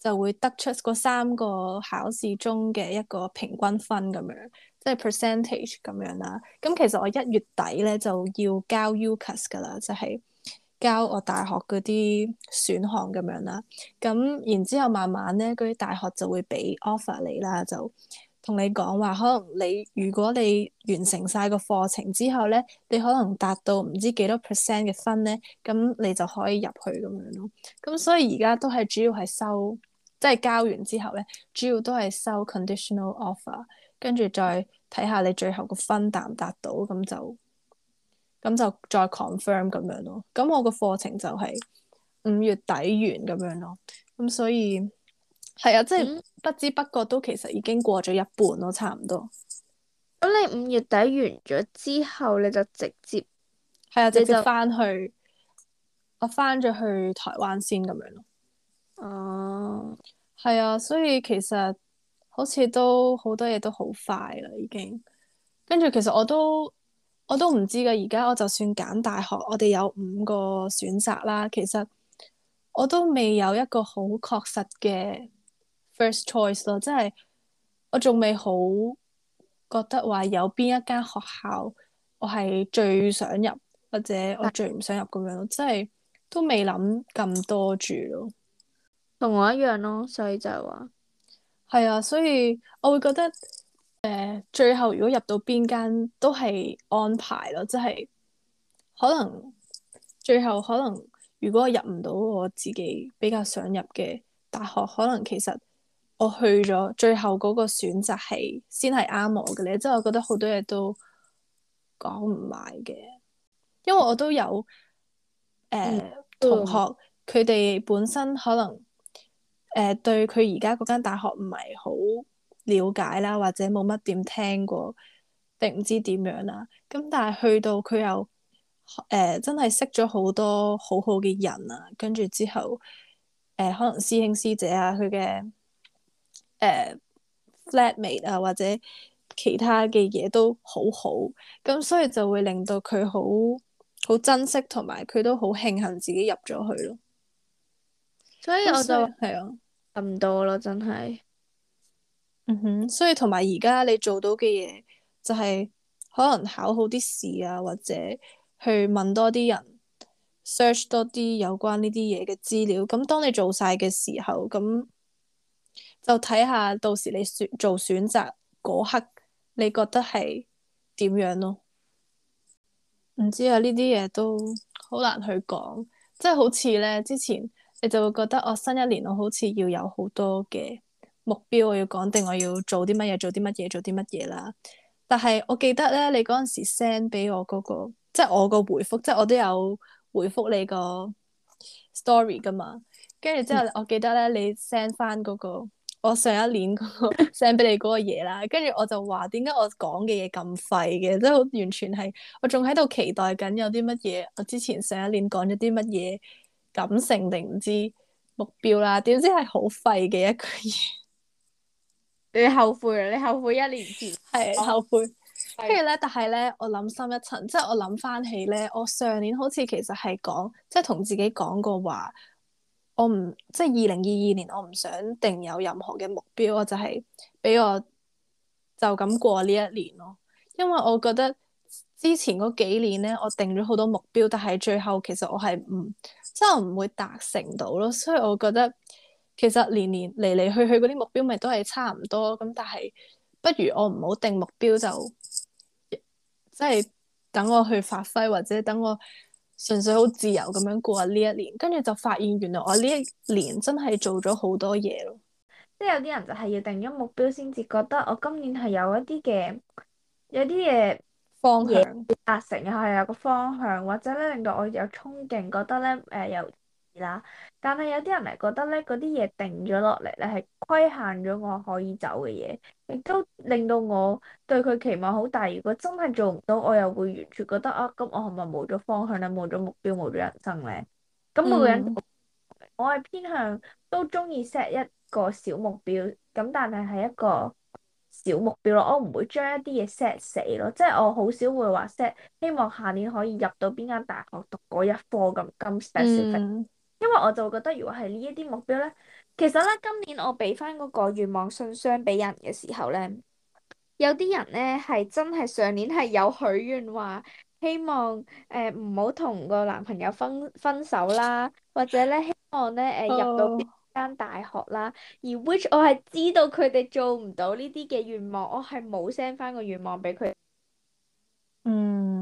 就會得出嗰三個考試中嘅一個平均分咁樣，即係 percentage 咁樣啦。咁其實我一月底咧就要交 UCAS 噶啦，就係、是、交我大學嗰啲選項咁樣啦。咁然之後慢慢咧，嗰啲大學就會俾 offer 你啦，就。同你講話，可能你如果你完成晒個課程之後咧，你可能達到唔知幾多 percent 嘅分咧，咁你就可以入去咁樣咯。咁所以而家都係主要係收，即係交完之後咧，主要都係收 conditional offer，跟住再睇下你最後個分達唔達到，咁就咁就再 confirm 咁樣咯。咁我個課程就係五月底
完咁樣咯。
咁所以係啊，即係。嗯不知不覺都其實已經過咗一半咯，差唔多。
咁你五月底完咗之後，你
就直接係啊，就直接翻去，我翻咗去台灣先咁樣咯。哦，係啊，所以其實好似都好多嘢都好快啦，已經。跟住，其實我都我都唔知㗎。而家我就算揀大學，我哋有五個選擇啦。其實我都未有一個好確實嘅。First choice 咯，即係我仲未好覺得話有邊一間學校我係最想入或者我最唔想入咁樣咯，但 即係都未諗咁多住咯。同我一樣咯，所以就係話係啊，所以我會覺得誒、呃，最後如果入到邊間都係安排咯，即係可能最後可能如果我入唔到我自己比較想入嘅大學，可能其實。我去咗，最後嗰個選擇係先係啱我嘅咧。即係我覺得好多嘢都講唔埋嘅，因為我都有誒、呃嗯、同學，佢哋、嗯、本身可能誒、呃、對佢而家嗰間大學唔係好了解啦，或者冇乜點聽過定唔知點樣啦。咁但係去到佢又誒、呃、真係識咗好多好好嘅人啊，跟住之後誒、呃、可能師兄師姐啊，佢嘅。誒，uh，flatmate 啊，或者其他嘅嘢都好好，咁所以就會令到佢好好珍惜，同埋佢都好慶幸自己入咗去咯。所以我就係啊，咁多咯，真係。嗯哼，所以同埋而家你做到嘅嘢，就係可能考好啲試啊，或者去問多啲人，search 多啲有關呢啲嘢嘅資料。咁當你做晒嘅時候，咁。就睇下到時你選做選擇嗰刻，你覺得係點樣咯？唔知啊，呢啲嘢都好難去講，即係好似咧之前，你就會覺得我新一年我好似要有好多嘅目標，我要講定我要做啲乜嘢，做啲乜嘢，做啲乜嘢啦。但係我記得咧，你嗰陣時 send 俾我嗰個，即係我個回覆，即係我都有回覆你個 story 噶嘛。跟住之後，我記得咧你 send 翻嗰個。嗯 [LAUGHS] 我上一年 send、那、俾、個、 [LAUGHS] 你嗰個嘢啦，跟住我就我話點解我講嘅嘢咁廢嘅，即係完全係我仲喺度期待緊有啲乜嘢，我之前上一年講咗啲乜嘢感性定唔知目標啦，點知係好廢嘅一句嘢， [LAUGHS] 你後悔，你後悔一年前係 [LAUGHS] 後悔，跟住咧，是但係咧，我諗深一層，即、就、係、是、我諗翻起咧，我上年好似其實係講，即係同自己講過話。我唔，即係二零二二年，我唔想定有任何嘅目標，就是、我就係俾我就咁過呢一年咯。因為我覺得之前嗰幾年咧，我定咗好多目標，但係最後其實我係唔，真係唔會達成到咯。所以我覺得其實年年嚟嚟去去，嗰啲目標咪都係差唔多咁，但係不如我唔好定目標，就即係等我去發揮或者等我。純粹好自由咁樣過呢一年，跟住就發現原來我呢一年真係做咗好多嘢咯。
即係有啲人就係要定咗目標先至覺得我今年係有一啲嘅有啲嘢方向達成，又係有個方向，或者咧令到我有衝勁，覺得咧誒有。呃有啦，但係有啲人嚟覺得咧，嗰啲嘢定咗落嚟咧，係規限咗我可以走嘅嘢，亦都令到我對佢期望好大。如果真係做唔到，我又會完全覺得啊，咁我係咪冇咗方向咧，冇咗目標，冇咗人生咧？咁每個人、嗯、我係偏向都中意 set 一個小目標，咁但係係一個小目標咯，我唔會將一啲嘢 set 死咯，即係我好少會話 set 希望下年可以入到邊間大學讀嗰一科咁咁 specific。我就覺得，如果係呢一啲目標咧，其實咧，今年我俾翻嗰個願望信箱俾人嘅時候咧，有啲人咧係真係上年係有許願話希望誒唔好同個男朋友分分手啦，或者咧希望咧誒入到間大學啦。Oh. 而 which 我係知道佢哋做唔到呢啲嘅願望，我係冇 send 翻個願望俾佢。嗯。Mm.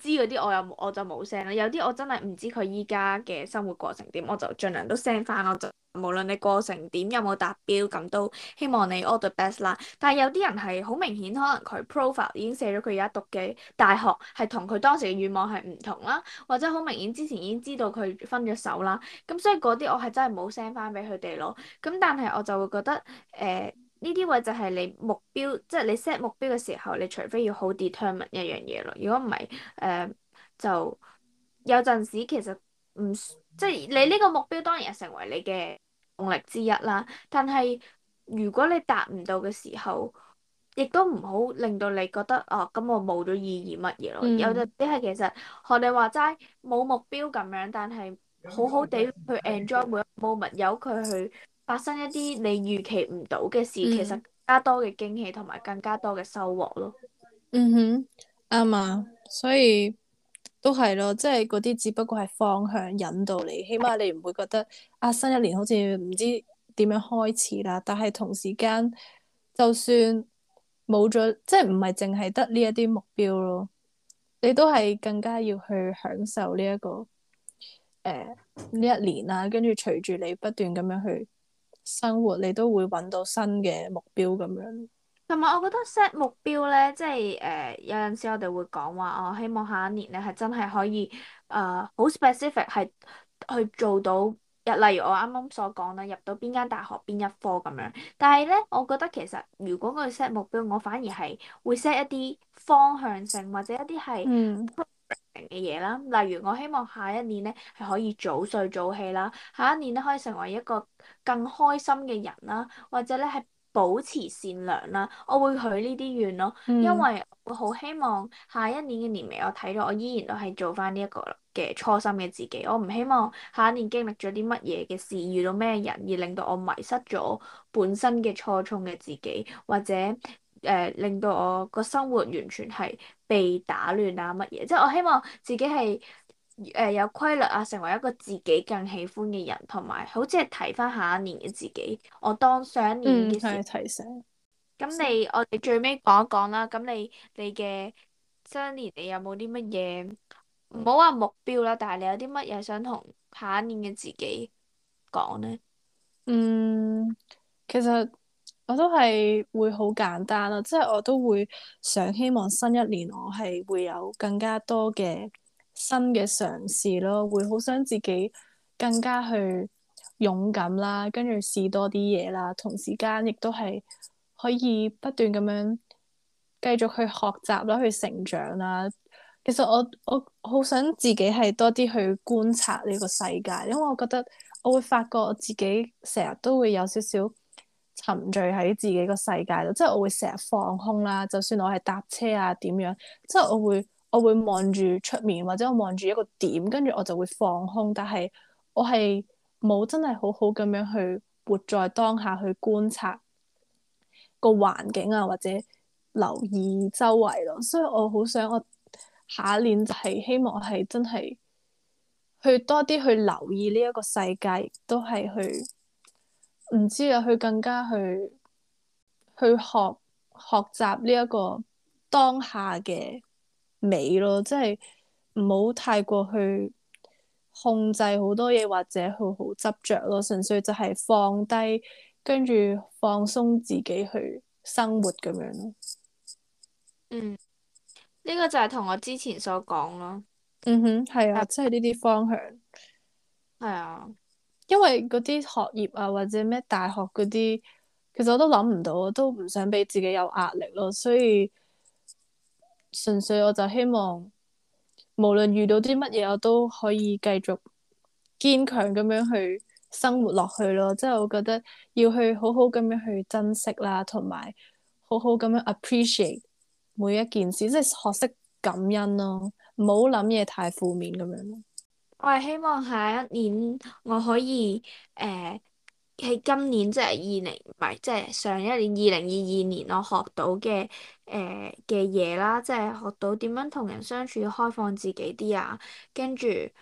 知嗰啲我又我就冇 send 啦，有啲我真係唔知佢依家嘅生活過程點，我就盡量都 send 翻，我就無論你過程點有冇達標，咁都希望你 all the best 啦。但係有啲人係好明顯，可能佢 profile 已經寫咗佢而家讀嘅大學係同佢當時嘅願望係唔同啦，或者好明顯之前已經知道佢分咗手啦，咁所以嗰啲我係真係冇 send 翻俾佢哋咯。咁但係我就會覺得誒。呃呢啲位就係你目標，即係你 set 目標嘅時候，你除非要好 determine 一樣嘢咯。如果唔係，誒、呃、就有陣時其實唔即係你呢個目標當然係成為你嘅動力之一啦。但係如果你達唔到嘅時候，亦都唔好令到你覺得哦，咁我冇咗意義乜嘢咯。嗯、有陣只係其實學你話齋冇目標咁樣，但係好好地去 enjoy 每一個 moment，由佢去。發生一啲你預期唔到嘅事，嗯、其實加多嘅驚喜同埋更加多嘅收穫咯。
嗯哼，啱啊，所以都係咯，即係嗰啲只不過係方向引導你，起碼你唔會覺得啊，新一年好似唔知點樣開始啦。但係同時間就算冇咗，即係唔係淨係得呢一啲目標咯，你都係更加要去享受呢、這、一個誒呢、呃、一年啦、啊。跟住隨住你不斷咁樣去。生活你都會揾到新嘅目標咁樣，
同埋我覺得 set 目標咧，即係誒有陣時我哋會講話，我、哦、希望下一年咧係真係可以誒好、呃、specific 係去做到，例如我啱啱所講啦，入到邊間大學邊一科咁樣。但係咧，我覺得其實如果佢 set 目標，我反而係會 set 一啲方向性或者一啲係。嗯嘅嘢啦，例如我希望下一年咧係可以早睡早起啦，下一年咧可以成為一個更開心嘅人啦，或者咧係保持善良啦，我會許呢啲願咯，因為我好希望下一年嘅年尾我睇到我依然都係做翻呢一個嘅初心嘅自己，我唔希望下一年經歷咗啲乜嘢嘅事，遇到咩人而令到我迷失咗本身嘅初衷嘅自己，或者。誒、呃、令到我個生活完全係被打亂啊乜嘢，即係我希望自己係誒、呃、有規律啊，成為一個自己更喜歡嘅人，同埋好似係提翻下一年嘅自己。我當上一年嘅時、嗯，提醒。咁你我哋最尾講一講啦，咁你你嘅新年你有冇啲乜嘢？唔好話目標啦，但係你有啲乜嘢想同下一年嘅自己講呢？嗯，其
實。我都係會好簡單啦，即係我都會想希望新一年我係會有更加多嘅新嘅嘗試咯，會好想自己更加去勇敢啦，跟住試多啲嘢啦，同時間亦都係可以不斷咁樣繼續去學習啦，去成長啦。其實我我好想自己係多啲去觀察呢個世界，因為我覺得我會發覺我自己成日都會有少少。沉醉喺自己個世界度，即係我會成日放空啦。就算我係搭車啊點樣，即係我會我會望住出面或者我望住一個點，跟住我就會放空。但係我係冇真係好好咁樣去活在當下去觀察個環境啊，或者留意周圍咯、啊。所以我好想我下一年就係希望係真係去多啲去留意呢一個世界，都係去。唔知啊，去更加去去學學習呢一個當下嘅美咯，即係唔好太過去控制好多嘢或者好好執着咯，純粹就係放低，跟住放鬆自己去生活咁樣
咯。嗯，呢個就係同我之前所講咯。嗯
哼，係啊，即係呢啲方向。係啊。因為嗰啲學業啊，或者咩大學嗰啲，其實我都諗唔到，我都唔想俾自己有壓力咯。所以純粹我就希望，無論遇到啲乜嘢，我都可以繼續堅強咁樣去生活落去咯。即係我覺得要去好好咁樣去珍惜啦，同埋好好咁樣 appreciate 每一件事，即係學識感恩咯。唔好諗嘢太負面咁樣。
我係希望下一年我可以誒喺、呃、今年即係二零唔係即係上一年二零二二年我學到嘅誒嘅嘢啦，即、就、係、是、學到點樣同人相處，開放自己啲啊，呃、跟住誒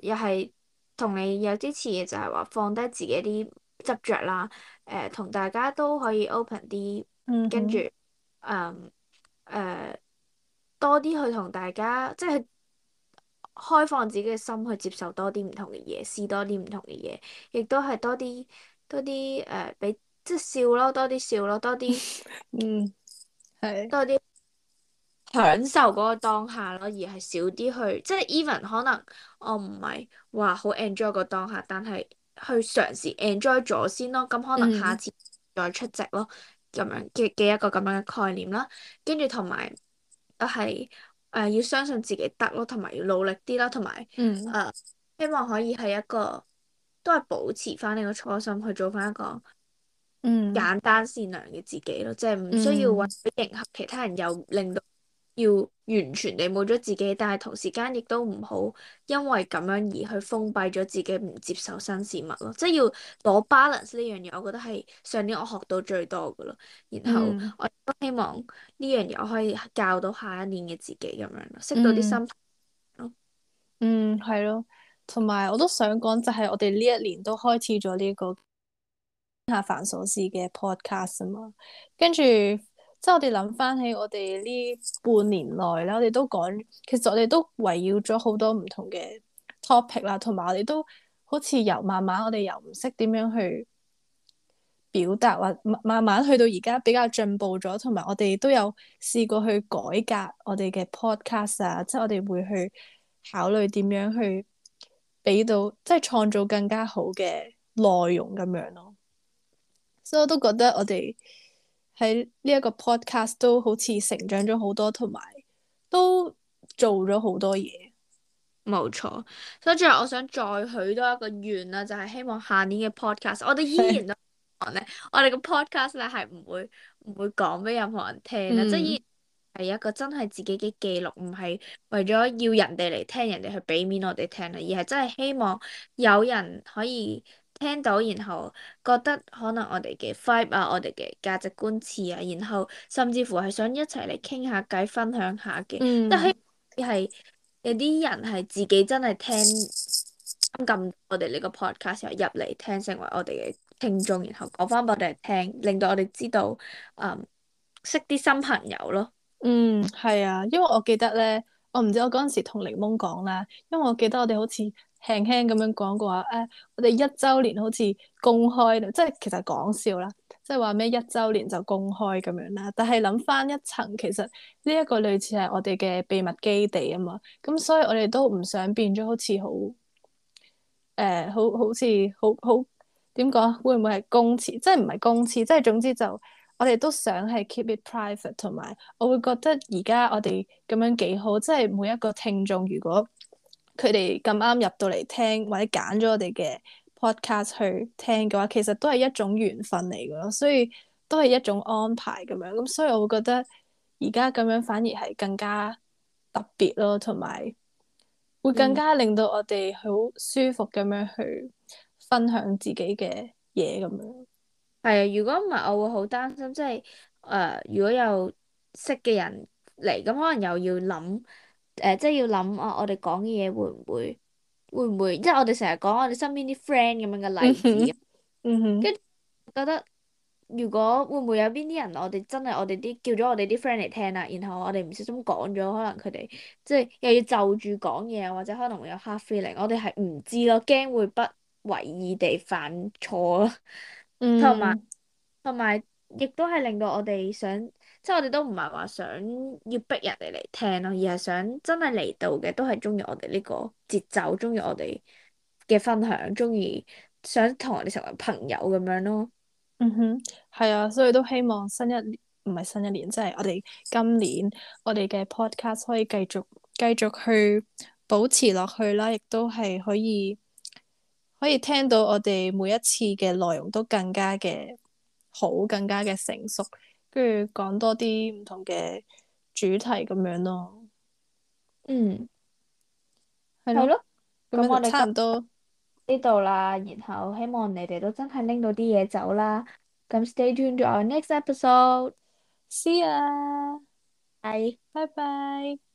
又係同你有啲似嘅，就係、是、話放低自己啲執著啦，誒、呃、同大家都可以 open 啲，嗯哼嗯呃、跟住誒誒多啲去同大家即係。開放自己嘅心去接受多啲唔同嘅嘢，試多啲唔同嘅嘢，亦都係多啲多啲誒，俾、呃、即係笑咯，多啲笑咯，多啲 [LAUGHS] 嗯係是多啲享受嗰個當下咯，而係少啲去即係 even 可能我唔係話好 enjoy 個當下，但係去嘗試 enjoy 咗先咯，咁可能下次再出席咯，咁樣嘅嘅一個咁樣嘅概念啦，跟住同埋都係。誒、呃，要相信自己得咯，同埋要努力啲啦，同埋誒，希望可以係一個都係保持翻呢個初心，去做翻一個簡單善良嘅自己咯，即係唔需要話迎合其他人，又令到。要完全地冇咗自己，但係同時間亦都唔好因為咁樣而去封閉咗自己，唔接受新事物咯。即係要攞 balance 呢樣嘢，我覺得係上年我學到最多噶咯。然後我都希望呢樣嘢我可以教到下一年嘅自己咁樣咯，識到啲新。
嗯，係咯、嗯。同埋我都想講就係我哋呢一年都開始咗呢、這個傾下繁瑣事嘅 podcast 啊嘛，跟住。即係我哋諗翻起我哋呢半年內咧，我哋都講，其實我哋都圍繞咗好多唔同嘅 topic 啦，同埋我哋都好似由慢慢我哋又唔識點樣去表達，或慢慢去到而家比較進步咗，同埋我哋都有試過去改革我哋嘅 podcast 啊,即係我哋會去考慮點樣去俾到，即係創造更加好嘅內容咁樣咯。所以我都覺得我哋。喺呢一個 podcast 都好似成長咗好多，同埋都做咗好多嘢。冇錯，
所以最後我想再許多一個願啦，就係、是、希望下年嘅 podcast，我哋依然都咧，是我哋個 podcast 咧係唔會唔會講俾任何人聽啦，即係依然係一個真係自己嘅記錄，唔係為咗要人哋嚟聽，人哋去俾面我哋聽啦，而係真係希望有人可以。聽到，然後覺得可能我哋嘅 vibe 啊，我哋嘅價值觀似啊，然後甚至乎係想一齊嚟傾下偈，分享下嘅。嗯，但係係有啲人係自己真係聽咁我哋呢個 podcast 入嚟聽，成為我哋嘅聽眾，然後講翻俾我哋聽，令到我哋知道，嗯，識啲新朋友咯。嗯，係啊，因為我記得
咧，我唔知我嗰陣時同檸檬講啦，因為我記得我哋好似，輕輕咁樣講過話，誒、啊，我哋一周年好似公開，即係其實講笑啦，即係話咩一周年就公開咁樣啦。但係諗翻一層，其實呢一個類似係我哋嘅秘密基地啊嘛，咁所以我哋都唔想變咗好似、呃、好，誒，好好似好好點講，會唔會係公廁？即係唔係公廁，即係總之就我哋都想係 keep it private，同埋我會覺得而家我哋咁樣幾好，即係每一個聽眾如果。佢哋咁啱入到嚟聽，或者揀咗我哋嘅 podcast 去聽嘅話，其實都係一種緣分嚟嘅咯，所以都係一種安排咁樣。咁所以我會覺得而家咁樣反而係更加特別咯，同埋會更加令到我哋好舒服咁樣去
分享自己嘅
嘢咁樣。
係啊，如果唔係，我會好擔心，即係誒、呃，如果有識嘅人嚟，咁可能又要諗。誒、呃，即係要諗啊！我哋講嘅嘢會唔會，會唔會？即係我哋成日講我哋身邊啲 friend 咁樣嘅例子，跟、嗯嗯、覺得，如果會唔會有邊啲人，我哋真係我哋啲叫咗我哋啲 friend 嚟聽啦、啊，然後我哋唔小心講咗，可能佢哋即係又要就住講嘢，或者可能會有 hard feeling，我哋係唔知咯，驚會不為意地犯錯咯，同埋同埋亦都係令到我哋想。即係我哋都唔係話想要逼人哋嚟聽咯，而係想真係嚟到嘅都係中意我哋呢個節奏，中意我哋嘅分享，中意想同我哋成為朋友咁樣咯。嗯哼，係啊，所以都希
望新一唔係新一年，即係我哋今年我哋嘅 podcast 可以繼續繼續去保持落去啦，亦都係可以可以聽到我哋每一次嘅內容都更加嘅好，更加嘅成熟。跟住講多啲唔同嘅主題咁樣咯。嗯，係咯。咁我哋差唔多
呢度啦。然後希望你哋都真係拎到啲嘢走啦。咁 Stay tuned to our next episode。See you. 睇。Bye bye.